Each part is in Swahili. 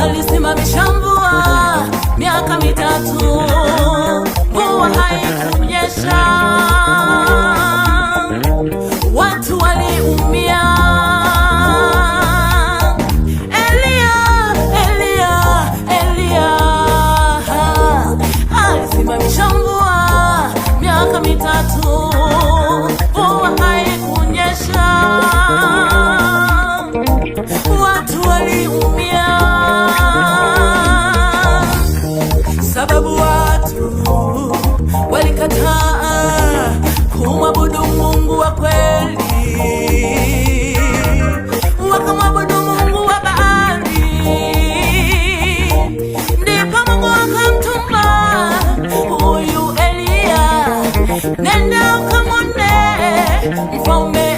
alisimamisha mvua miaka mitatu, mvua haikunyesha. Mungu wa kweli, wakamwabudu Mungu wa bahari, ndipo Mungu akamtuma huyu Eliya, nenda ukamwone mfalme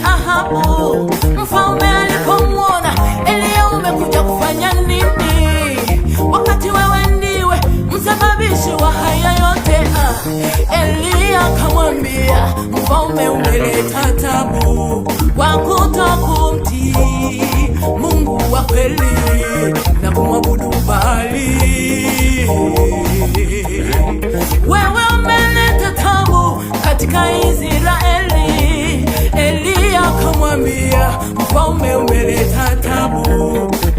utamu kwa kutokumtii Mungu wa kweli na kumwabudu Baali. Wewe umeleta tabu katika Israeli. Eliya akamwambia mfalme, umeleta tabu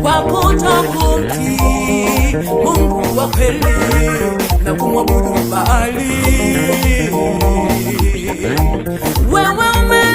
kwa kutokumtii Mungu wa kweli na kumwabudu Baali. Wewe umeleta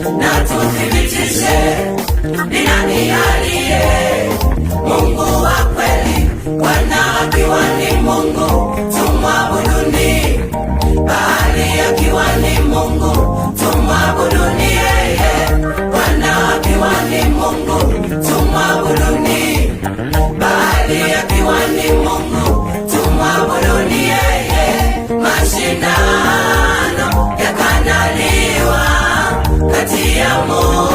na tuthibitishe ni nani aliye Mungu wa kweli. Bwana akiwa ni Mungu tumwabuduni, bahari akiwa ni Mungu tumwabuduni. amor.